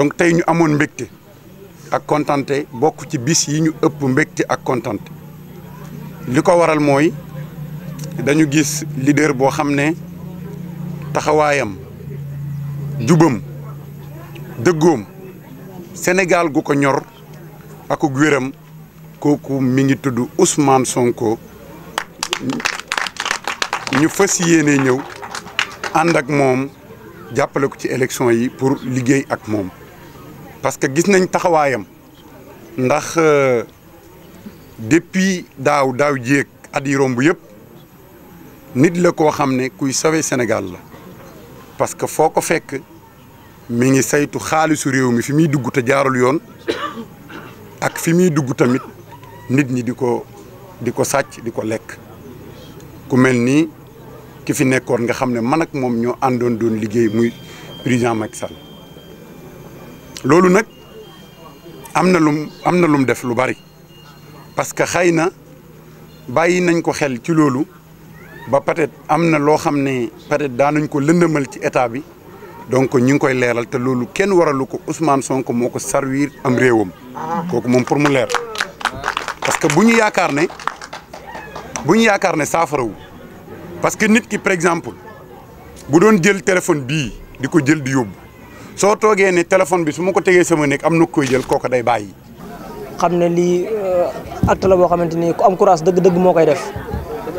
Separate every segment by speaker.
Speaker 1: donc tey ñu amoon mbégte ak kontante bokk ci bis yi ñu ëpp mbégte ak kontante li ko waral mooy dañu gis leader boo xam ne taxawaayam jubam dëggoom Sénégal gu ko ñor ak gu wéram kooku mi ngi tudd Ousmane Sonko ñu fas yéene ñëw ànd ak moom jàppale ko ci élection yi pour liggéey ak moom parce que gis nañ taxawaayam ndax euh, depuis daaw daaw jéeg at yi romb yëpp nit la koo xam ne kuy sauver Sénégal la parce que foo ko fekk mi ngi saytu xaalisu réew fi muy dugg te jaarul yoon ak fi muy dugg tamit nit ñi di ko di ko lekk ku mel ki fi nekkoon nga xam man ak moom ñoo àndoon doon liggéey muy président Macky loolu nag am na lum am na lum def lu bari parce que xay na bàyyi nañ ko xel ci loolu ba peut-être am na loo xam ne peut-être nañ ko lëndëmal ci état bi donc ñu ngi koy leeral te loolu kenn waralu ko Ousmane Sonko moo ko servir am réewam kooku moom pour mu leer parce que bu ñu yaakaar ne bu ñu yaakaar ne saafarawu parce que nit ki par exemple bu doon jël téléphone bii di ko jël di yóbbu soo toogee ne téléphone bi su ma ko tegee sama nekk am na koy jël kooku day bàyyi. xam ne
Speaker 2: lii euh, acte la boo xamante ni ku am courage dëgg-dëgg moo koy def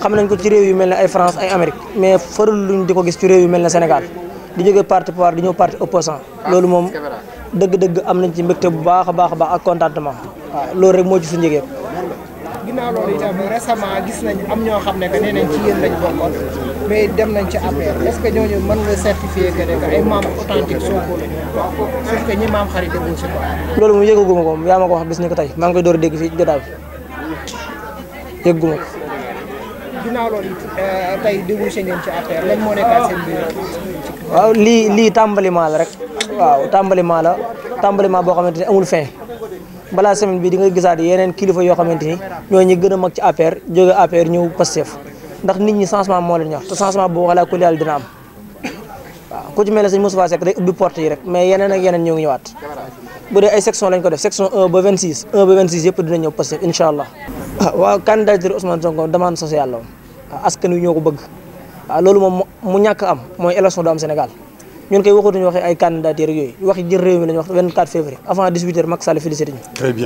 Speaker 2: xam nañ ko ci réew yu mel ne ay France ay Amérique mais farul luñ di ko gis ci réew yu mel ne Sénégal di jógee parti pouvoir di ñëw parti opposant loolu moom dëgg-dëgg am nañ ci mbégte bu baax a baax a baax ak contentement waaw loolu rek moo ci suñu yëgeeb. gis xam ne mais dem nañ ci APR loolu moom yëgaguma ko yaa ma ko tey maa ngi koy door a dégg fii euh, lii lii tàmbalima la rek waaw tàmbalima la tàmbalima boo xamante ni amul fin balaa semaine bi di nga gisaat yeneen kilifa yoo xamante ni ñoo ñi gën a mag ci APR jóge APR ñëw Pastef ndax nit ñi changement moo leen ñor te changement boobu wala ku dina am ku ci mel ne sëñ Moustapha Seck day ubbi porte yi rek mais yeneen ak yeneen ñoo ngi ñëwaat bu dee ay section lañ ko def section 1 ba 26 1 ba 26 yëpp dina ñëw Pastef incha allah ah, waaw candidature ah, bëgg ah, loolu moom mu ñàkk am mooy élection du am Sénégal ñun koy waxatuñu waxee ay candidature yooyu waxi jël réew mi lañu wax 24 février avant 18 heures Macky Sall ñu